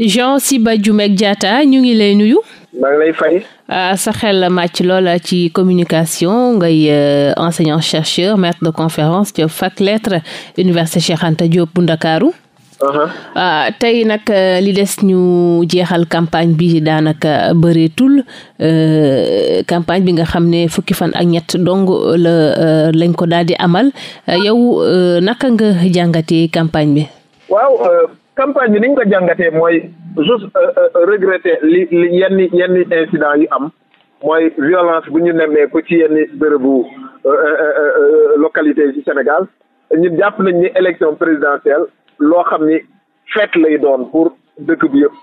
Jean Siba Diomaye Diatta ñu ngi lay nuyu. maa ngi ah, sa xel màcc loola ci communication ngay euh, enseignant chercheur maître de conférence ci fac lettres université Cheikh bu Ndakaaru. Uh-huh. Ah, tey nag euh, li des ñu jeexal campagne bi daanaka bëreetul euh, campagne bi nga xam ne fukki fan ak ñett dong la lañ ko daal di amal yow naka nga jàngatee campagne bi. campagne bi niñ ko jàngatee mooy juste euh, euh, regretter li li yenn yenn incident yu am mooy violence bu ñu nemmeeku ci yenn bërëbu euh, localité yi ci Sénégal ñun jàpp nañ ni élection présidentielle loo xam ni fête lay doon pour dëkk bi yëpp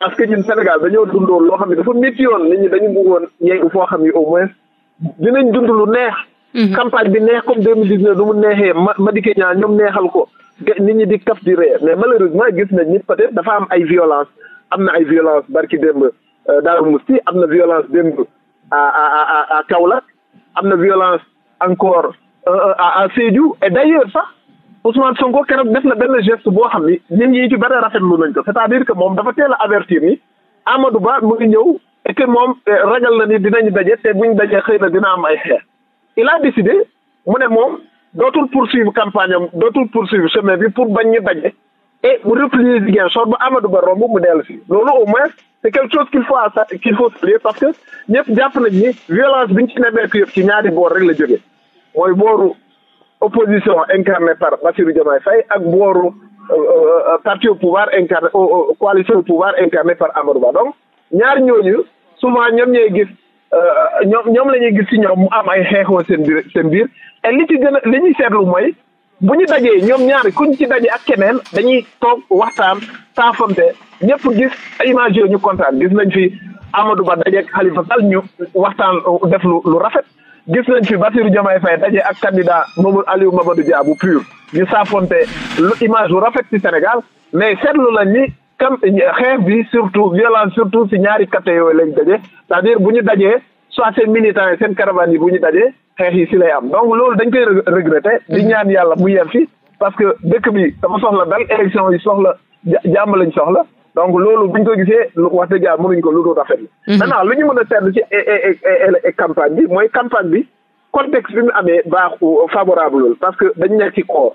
parce que ñun Sénégal dañoo dundoon loo xam ne dafa métti yoon nit ñi dañu buggoon yegg foo xam ni au moins dinañ dund lu neex. Mm-hmm. campagne bi neex comme deux mille dix neuf du mu neexee ma ma dikkee ñaar ñoom neexal ko. nit ñi di kaf di ree mais malheureusement gis nañ nit peut-être dafa am ay violence am na ay violence barki démb euh, Daaru Musti am na violence démb à à à Kaolack am na violence encore euh, euh, à à Sédhiou et d'ailleurs sax Ousmane Sonko keroog def na benn geste boo xam ni nit ñi ci bëri rafetlu nañ ko c'est-à-dire que moom dafa teel a avertir ni Amadou Ba mu ngi ñëw et que moom ragal na ni dinañ daje te buñ dajee xëy na dina am ay xeex il décidé mu ne moom dootul poursuivre campagne am dootul poursuivre chemin bi pour bañ ñu daje et mu replier Ziguinchor ba Amadou Ba romb mu dellu si loolu au moins c'est quelque chose qu'il faut qu'il faut saluer parce que ñëpp jàpp nañ ni violence bi ñu ci nemeeku yëpp ci ñaari boor rek la jógee mooy booru opposition incarnée par Bassirou Diomaye Faye ak booru euh, euh, euh, parti au pouvoir incarné coalition au pouvoir incarnée par Amadou Ba donc ñaar ñooñu souvent ñoom ñooy gis Euh, ñoom ñoom lañuy gis ci ñoom mu am ay xeexoo seen biir seen biir e li ci gën a li ñuy seetlu mooy bu ñu dajee ñoom ñaari kuñ ci dajee ak keneen dañuy toog waxtaan saafante ñëpp gis image yooyu ñu kontaan gis nañ fi Amadou Ba dajeeg Khalifa Sall ñu waxtaan def lu lu rafet gis nañ fi Bassirou Diomaye Faye daje ak candidat Mamadou Aliou Mamadou Dia bu PUR ñu saafonte lu image lu rafet ci Sénégal mais seetlu lañ kam xeex bi surtout violence surtout si ñaari côté yooyu lañ daje c'est-à-dire bu ñu dajee soit seen militants yi seen caravane yi bu ñu dajee xeex yi si lay am donc loolu dañ koy regretter di mm. ñaan yàlla mu yem si parce que dëkk bi dafa soxla dal élection yi soxla jàmm lañ soxla donc loolu buñ ko gisee wax dëgg yàlla mënuñ ko lu dul rafetlu mm-hmm. maintenant lu ñu mën a seetlu ci e-, e-, e-, campagne bi mooy campagne bi contexte bi mu amee baax favorable parce que dañ nekk ci koor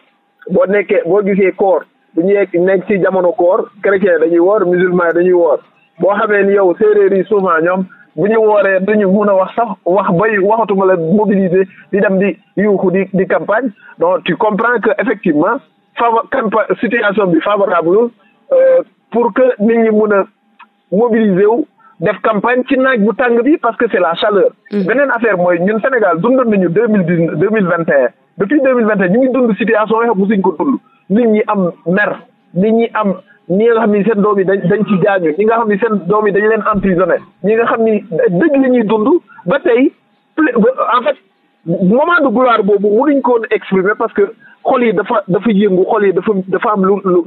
nekkee boo gisee koor bu ñu yegg nekk ci jamono koor chrétien dañuy woor musulman dañuy woor boo xamee ni yow séeréer yi souvent ñoom bu ñu wooree duñu mun a wax sax wax bay waxatuma la mobiliser di dem di yuuxu di di campagne donc tu comprends que effectivement fava campagne situation bi favorable euh, pour que nit ñi mun a mobiliser wu def campagne ci naaj bu tàng bi parce que c'est la chaleur. Mm. beneen affaire mooy ñun Sénégal dundoon nañu deux mille dix deux mille vingt et depuis deux mille vingt et un ñu ngi dund situation yoo xam musuñ ko dund nit ñi am mer nit ñi am ñi nga xam ni seen doom yi dañ dañ ci gaañu ñi nga xam ni seen doom yi dañ leen emprisonné ñi nga xam ni dëj la ñuy dund ba tey en fait moment de gloire boobu mënuñ ko woon exprimer parce que xol yi dafa dafa yëngu xol yi dafa dafa am lu lu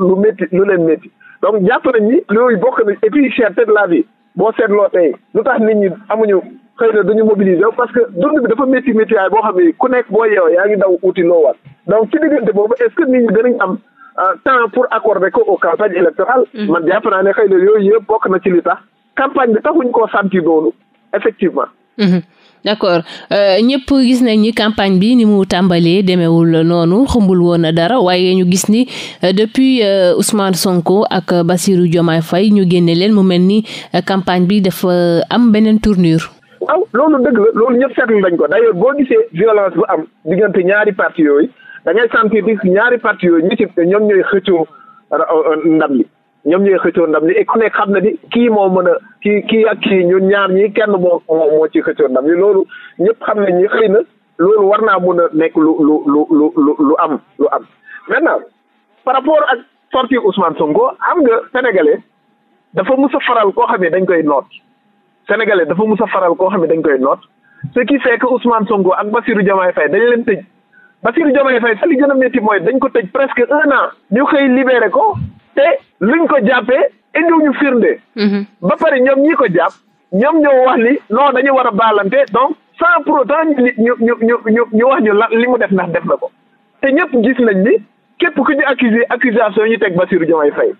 lu métti lu leen métti donc jàpp nañ ni loolu bokk na et puis cherté de la vie boo seetloo tey lu tax nit ñi amuñu xëy na duñu mobiliser parce que dund bi dafa métti métti yaay boo xam ne ku nekk boo yeewoo yaa ngi daw uti loo war donc ci diggante boobu est-ce que nit ñi danañ am euh, temps pour accorder ko aux campagnes électorales mm-hmm. man jàpp naa ne xëy na yooyu yëpp bokk na ci li tax campagne bi taxuñ koo santi noonu effectivement mm-hmm. d'accord euh, ñëpp gis nañ ñi campagne bi ni mu tàmbalee demeewul noonu xumbul woon na dara waaye ñu gis ni euh, depuis euh, Ousmane Sonko ak Bassirou Diomaye Faye ñu génne leen mu mel ni euh, campagne bi dafa am beneen tournure waaw loolu dëgg la loolu ñëpp seetlu nañ ko d'ailleurs boo gisee violence bu am diggante ñaari parti yooyu da ngay sentir di ñaari parti yooyu ñu ci ñoom ñooy xëccoo euh, euh, ndam li ñoom ñooy xëccoo ndam li et ku nekk xam na ni kii moo mën a kii kii ak kii ñun ñaar ñii kenn moo moo moo ci xëccoo ndam li loolu ñëpp xam nañ ni xëy na loolu war naa mun a nekk lu lu lu lu lu lu am lu am maintenant par rapport ak sortie Ousmane Sonko xam nga sénégalais dafa mus faral koo xam ne dañ koy noot sénégalais dafa mus a faral koo xam ne dañ koy noot ce qui fait que Ousmane Sonko ak Bassirou Diomaye Faye dañ leen tëj Bassirou Diomaye Faye sa li gën a métti mooy dañ ko tëj presque un na ñu xëy libéré ko te luñ ko jàppee indiw ñu firnde. Mhm. ba pare ñoom ñi ko jàpp ñoom ñoo wax ni noo dañu war a baalante donc sans pour autant ñu ñu ñu ñu ñu wax ñu la li mu def ndax def na ko te ñëpp gis nañ ni képp ku ñu accusé accusation ñu teg Bassirou Diomaye Faye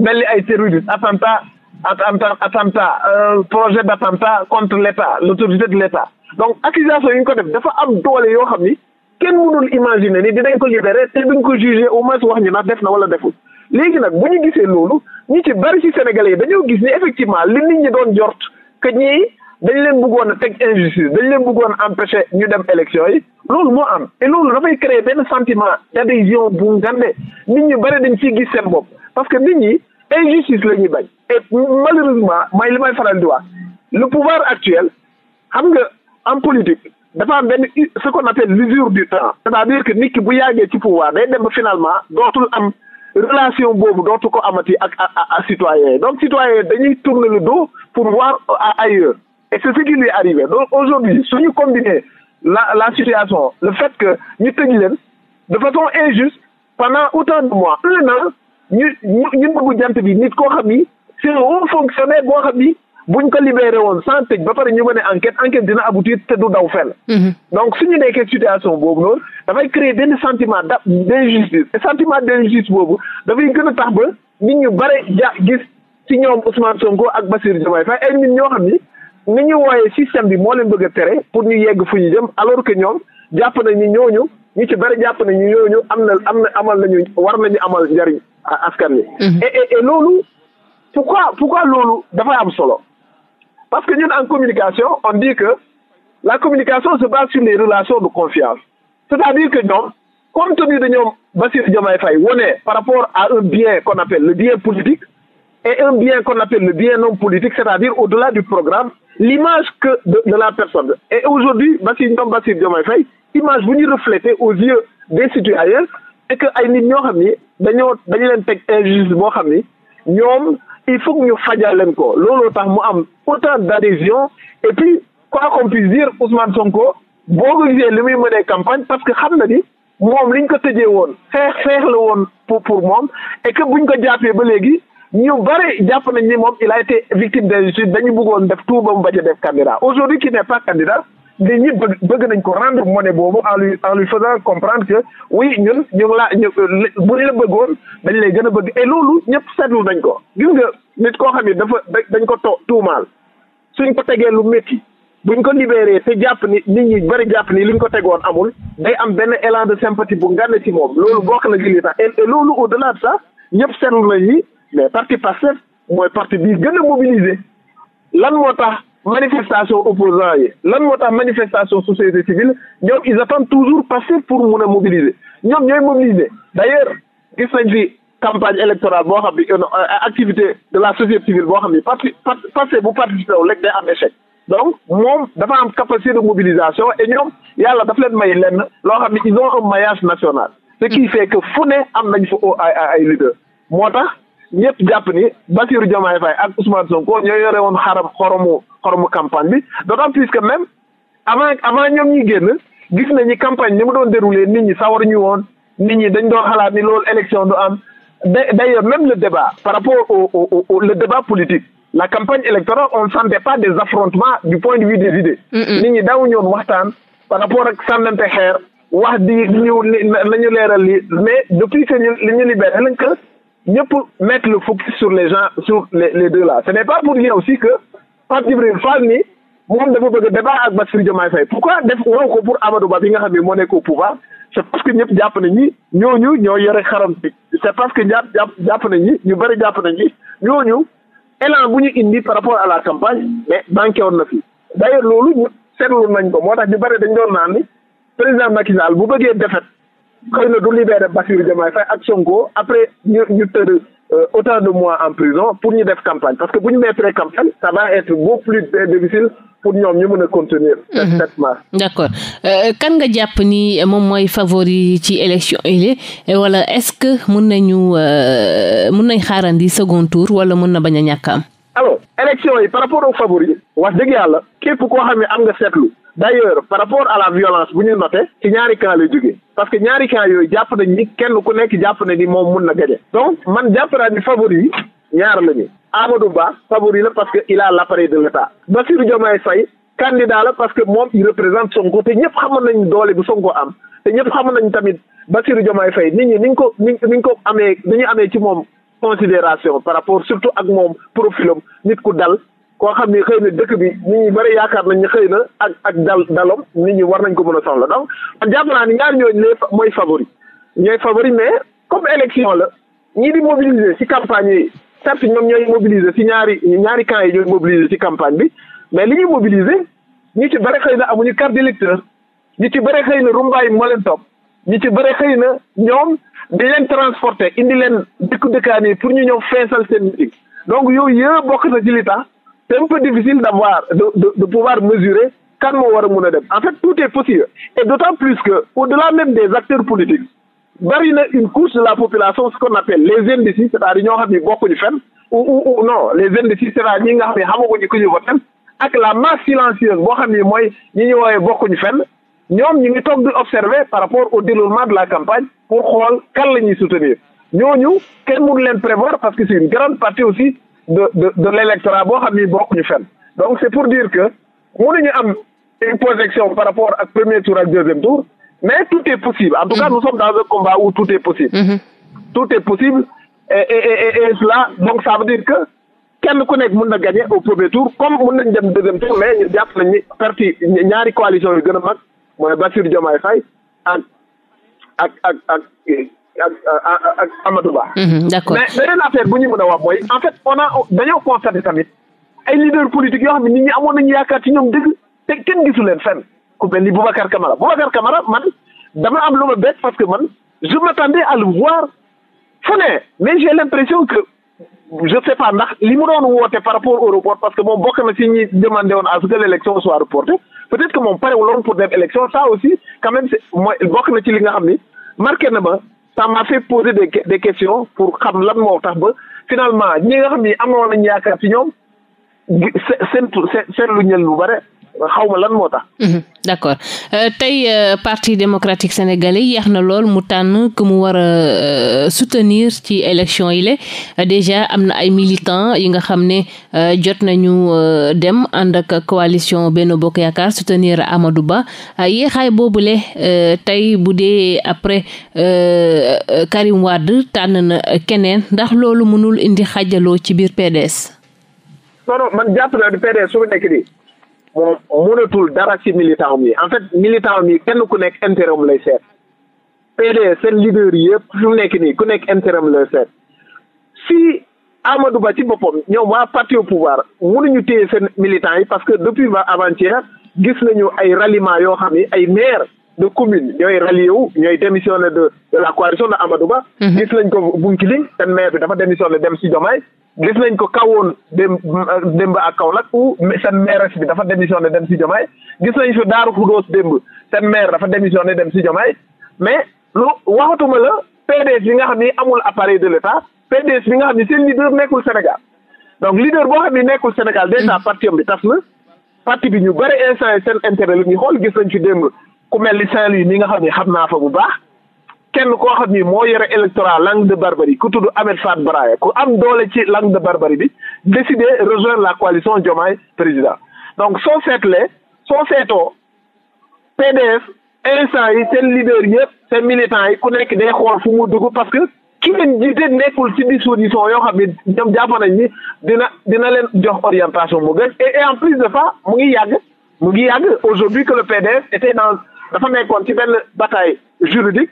mel ni ay terroriste attentat attentat attentat euh, projet d' attentat contre l' état l' autorité de l' état donc accusation yi ñu ko def dafa am doole yoo xam ni kenn mënul imaginer ni dinañ ko libéré te duñ ko jugé au moins wax ñu na def na wala deful léegi nag bu ñu gisee loolu ñi ci bari ci sénégalais yi dañoo gis ni effectivement li nit ñi doon jort que ñii dañ leen bëggoon a teg injustice dañ leen bëggoon a empêché ñu dem élection yi loolu moo am loolu dafay créer benn sentiment d' adhésion bu ngande nit ñi bari dañ ciy gis seen bopp injustice la ñuy bañ et malheureusement may li may faral di wax le pouvoir actuel xam nga en politique dafa am benn ce qu'on appelle l'usure du temps c'est-à-dire que nit ki bu yàggee ci pouvoir day dem ba finalement dootul am relation boobu dootu ko amati ak ak citoyen donc citoyen dañuy tourner le dos pour voir euh, ailleurs et c'est ce qui lui est arrivé donc aujourd'hui suñu combiner la la situation le fait que ñu tëj leen de façon injuste pendant autant de mois un an ñu ñu ñu bëgg jant bi nit koo xam ni c'est un haut fonctionnaire boo xam ni buñ ko libéré woon sans ba pare ñu mën a enquête enquête dina aboutir te du daw fel mhm. donc suñu nekkee situation boobu lool dafay créer denn sentiment d' d'injustice et sentiment d'injustice boobu dafay gën a tax ba nit ñu bare ja gis ci ñoom Ousmane Sonko ak Bassirou Diomaye Faye ay nit ñoo xam ni ni ñu wooyee système bi moo leen bëgg a tere pour ñu yegg fu ñu jëm alors que ñoom jàpp nañ ni ñooñu ñu ci bari jàpp nañu ñooñu am na am na amal nañu war nañu amal njariñ askan wi. Mhm. et et loolu pourquoi pourquoi loolu dafay am solo parce que ñun en communication on dit que la communication se base sur les relations de confiance c'est-à-dire que ñoom compte tenu de ñoom Bassirou Diomaye Faye wone par rapport à un bien qu'on appelle le bien politique et un bien qu'on appelle le bien non politique c'est-à-dire au-delà du programme li que de, de, la personne. Et aujourd'hui, Bassi Ndom Bassi Diomaye image bu ñu refléter aux yeux des citoyens et que ay nit ñoo xam ni dañoo dañu leen teg injustice boo xam ni ñoom il faut que ñu fajal leen ko looloo tax mu am autant d'adhésion et puis quoi qu'on puisse dire Ousmane Sonko boo ko gisee li muy mënee campagne parce que xam na ni moom li liñ ko tëjee woon xeex xeex la woon pour pour moom et que buñ ko jàppee ba léegi. ñu bëri jàpp nañ ni moom il a été victime d'injustice dañu bëggoon def tout ba mu bañ a def candidat aujourd'hui qui n'est pas candidat nit ñi bëgg nañ ko rendre monnaie boobu en lui en lui faisant comprendre que oui ñun ñu laa ñu bu ñu la bëggoon dañ lay gën a bëgg et loolu ñëpp seetlu nañ ko gis nga nit koo xam ne dafa dañ ko to tuumaal suñ ko tegee lu métti buñ ko libéré te jàpp ni nit ñi bëri jàpp ni ñu ko tegoon amul day am benn élan de sympathie bu ngànn ci moom loolu bokk na loolu au delà de ça ñëpp seetlu nañ ni mais parti Pastef mooy parti bii gën a mobilisé lan moo tax manifestation opposant yi lan moo tax manifestation société civile ñoom ils attendent toujours Pastef pour mun a mobiliser ñoom ñooy mobiliser d' ailleurs gis nañ fi campagne électorale boo xam ne euh, activité de la société civile boo xam ne parti Pastef bu participer wu rek day am échec. donc moom dafa am capacité de mobilisation et ñoom yàlla daf leen may lenn loo xam ne ils ont un maillage national ce qui fait que fu am nañ fa ay ay leader moo ñëpp jàpp ni Bassirou Diomaye Faye ak Ousmane Sonko ñoo yore woon xaram xoromu xoromu campagne bi d'autant plus que même avant avant ñoom ñi génn gis nañu campagne ni ma doon déroulé nit ñi sawar ñu woon nit ñi dañ doon xalaat ni loolu élection du am d'ailleurs même le débat par rapport au, au, au le débat politique la campagne électorale on ne sentait pas des affrontements du point de vue des idées nit ñi daaw waxtaan par rapport ak sànnante xeer wax di ñu nañu leeral li mais depuis que ñu li ñu libéré lañ ñëpp mettre le focus sur les gens sur le les deux là ce n'est pas pour dire aussi que Pape Djibril Fall ni moom dafa bëgg a débat ak Bassirou Diomaye Faye pourquoi def waru ko pour Amadou Ba bi nga xam ne moo nekk au c'est parce que ñëpp jàpp na ñi ñoo ñoo yore xaram bi c'est parce que jàpp jàpp jàpp nañ ñi ñu bëri jàpp nañ ñi ñooñu élan bu ñu indi par rapport à la campagne mais manqué woon na fi d'ailleurs loolu ñu seetlu nañ ko moo tax ñu bëri dañ doon naan ni président Macky Sall bu bëggee défaite xëy na du libéré Bassirou Diomaye Faye ak Sonko après ñu ñu tër euh, autant de mois en prison pour ñu def campagne parce que bu ñu mettre campagne ça va être beaucoup plus difficile pour ñoom ñu mën a contenir cette mhm. euh, kan nga jàpp ni moom mooy favori ci élection yi wala est mun que mën nañu euh, mën nañ xaarandi second tour wala mën na bañ a ñàkk am alors élection yi par rapport au favori wax dëgg yàlla képp koo xam ne am nga seetlu d' ailleurs par rapport à la violence bu ñu noté ci ñaari camp lay jógee parce que ñaari camp jàpp nañ kenn ku nekk jàpp na ni moom mun na gañe donc man jàpp naa ni favori ñaar la ñu Amadou Ba favori la parce que il a l' appareil de l' état Bassirou Diomaye Faye candidat la parce que moom il représente Sonko te ñëpp xamoon nañ doole bu Sonko am te ñëpp xamoon nañ tamit Bassirou Diomaye Faye nit ñi niñ ko niñ niñ ko amee ni amee ci moom considération par rapport surtout ak moom profilam nit ku dal koo xam ni xëy na dëkk bi nit ñi bëri yaakaar nañ ne xëy na ak ak dal dalom nit ñu war nañ ko mën a soxla donc man jàpp naa ni ñaar ñooñu lay mooy favori ñooy favori mais comme élection la ñii di mobiliser ci campagne yi certes ñoom ñooy mobiliser ci ñaari ñaari camps yi ñooy mobiliser ci campagne bi mais li ñuy mobiliser ñu ci bëri xëy na amuñu carte d'électeur ñu ci bëri xëy na rumbaay moo leen ñu ci bëri xëy na ñoom di leen transporter indi leen dëkk dëkkaan pour ñu ñëw feesal seen meeting yooyu yëpp bokk na ci c'est un peu difficile d'avoir de, de, de pouvoir mesurer kan moo war a mun a dem en fait tout est possible et d'autant plus que au-delà même des acteurs politiques bari une couche de la population ce qu'on appelle les indécis c'est-à-dire ñoo xam ni bokkuñu fenn ou ou non les indécis c'est-à-dire ñi nga xam ne xamaguñu ku ñu voté ak la masse silencieuse boo xam ni mooy ñi ñu woowee bokkuñu fenn ñoom ñu ngi toog di observer par rapport au déroulement de la campagne pour xool kan la ñuy soutenir kenn mënu leen parce que c'est de de de l'électorat boo xam ni bokkuñu fenn donc c'est pour dire que mënuñu am une projection par rapport ak premier tour ak deuxième tour mais tout e possible en tout cas mhm. nous sommes dans un combat tout est possible mhm. tout est possible et et et et cela donc ça veut dire que kenn ku nekk mën na gagner au premier tour comme mën nañ dem deuxième tour mais ñu jàpp nañ ni parti ñaari coalition yu gën a mag mooy Bassirou Diomaye Faye ak ak ak ak ak ak Amadou Ba. Mhm, d'accord mais beneen affaire bu ñu mën a wax mooy en fait on a dañoo constaté tamit ay leader politique yoo xam ne nit ñi amoon nañu yaakaar ci ñoom dëgg te kenn gisu leen fenn ku mel ni Boubacar Camara Boubacar Camara man dama am lu ma bett parce que man je m'attendais à le voir fu ne mais j'ai l'impression que je sais pas ndax li mu doon woote par rapport au report parce que moom bokk na ci ñi demandé woon à ce que l'élection soit reportée peut-être que moom parewuloon pour li nga xam ni marqué na ma ça m'a fait poser des des questions pour xam lan moo tax ba finalement ñi nga xam ni amoon ñu yaakaar ci ñoom seen seen seetlu ñel lu bare xaw ma lan moo tax. Mhm, d'accord euh, tey euh, parti démocratique sénégalais yéex na lool mu tànn que mu war a euh, soutenir ci élection yi la déjà am na ay militants yi nga xam ne jot nañu dem ànd ak coalition benn Bokk Yaakaar soutenir Amadou Ba yéexaay boobule tey bu dee après Karim Wade tànn na keneen ndax loolu mënul indi xajaloo ci biir PDS. non non man jàpp naa ne PDS su nekk nii. moom mënatul dara ci militant mi en fait militant mi kenn ku nekk intérêt lay seet PDS seen leader yi yëpp fi mu nekk nii ku nekk intérêt lay seet si Amadou Ba ci boppam ñoom waa parti au pouvoir ñu téye seen militant yi parce que depuis ba avant gis nañu ay ralliement yoo xam ni ay maire de communes ñooy rallié wu ñooy démissionné de de la coalition de Amadou Ba. Mhm. gis nañ ko Bounkiling seen maire bi dafa démissionné dem si Diomaye. gis nañ ko kawoon dem démb ak Kaolack ou seen mairesse bi dafa démissionné dem ci Diomaye gis nañ fi Daaru Khoudoss démb seen maire dafa démissionné dem si Diomaye mais lu waxatuma la PDS bi nga xam ni amul appareil de l'État PDS bi nga xam ni seen leader nekkul Sénégal donc leader boo xam ni nekkul Sénégal déjà mhm. parti am bi tas na parti bi ñu bari instant seen intérêt lu ñuy xool gis nañ fi démb ku mel ni Saint-Louis mi nga xam ne xam naa fa bu baax kenn koo xam ni moo yore électorat langue de barbarie ku tudd Ahmed Fat Braya ku am doole ci langue de barbarie bi décidé rejoindre la coalition Diomaye président donc soo seetlee soo seetoo PDS instant yi seen leader yëpp seen militants yi ku nekk day xool fu mu dugg parce que ki leen jiite nekkul ci disposition yoo xam ne ñoom jàpp nañ ni dina dina leen jox orientation mu gën et en plus de ça mu ngi yàgg mu ngi dafa nekkoon ci benn bataille juridique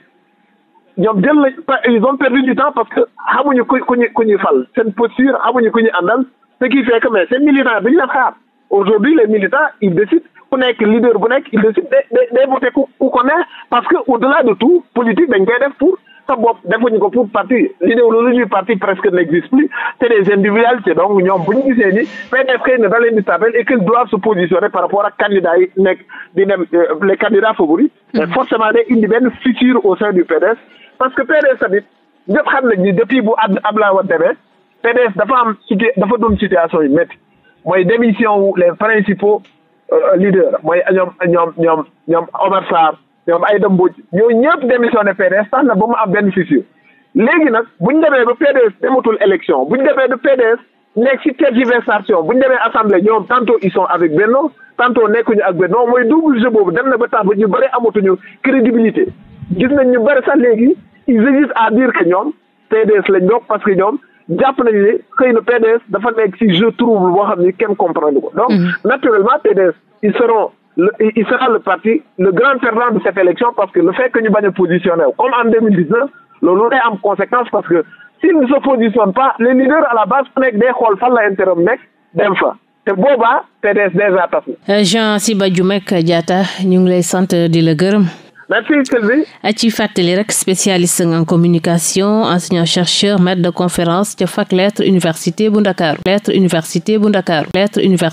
ñoom jël la ils ont perdu du temps parce que xamuñu ku ku ñu ku ñuy fal seen posture xamuñu ku ñu àndal ce qui fait que mais seen militant bi ñu leen xaar aujourd'hui les militants ils décident ku nekk leader bu nekk ils décident de de de voter ku ku ko neex parce que au delà de tout politique dañ koy def pour sa bopp defuñu ko pour parti l'idéologie du parti presque n'existe plus c'est des individualités donc ñoom bu ñu gisee ni PDS xëy na da leen di tapel et qu'ils doivent se positionner par rapport ak candidats yi nekk di dem euh, les candidats favoris mais hmm. forcément day indi benn fissure au sein du PDS parce que PDS tamit ñëpp xam nañ ni depuis bu ad Abdoulaye Wade demee PDS dafa am situ dafa doom situation yu métti mooy démission wu les principaux euh, leaders mooy ñoom ñoom ñoom ñoom Omar Sarr ñoom Aïda Mbodj ñooñu ñëpp démissionné PDS tax na ba mu am benn léegi nag bu ñu demee ba PDS dematul élection bu ñu demee ba PDS nekk ci tergiversation bu ñu demee assemblée ñoom tantôt ils sont avec Benno tantôt nekkuñu ak Benno mooy double jeu boobu dem na ba tax ba ñu bëri amatuñu crédibilité gis nañ ñu bari sax léegi ils hésitent à dire que ñoom PDS la bokk parce que ñoom jàpp nañu ne xëy na PDS dafa nekk ci jeu trouble boo xam ni kenn comprendre ko donc mm-hmm. le, il sera le parti le grand perdant de cette élection parce que le fait que ñu bañ a positionné comme en 2019 loolu day am conséquence parce que s'il ne se positionne pas les leaders à la base ku nekk day xool fan la intérêt nekk dem fa te boobaa PDS déjà tas na. Euh, Jean Siba Diomack Diatta ñu ngi lay sant di la gërëm. merci Sylvie. ci rek spécialiste en communication enseignant chercheur maître de conférence ca fac lettres université bu Ndakaaru lettres université bu Ndakaaru lettres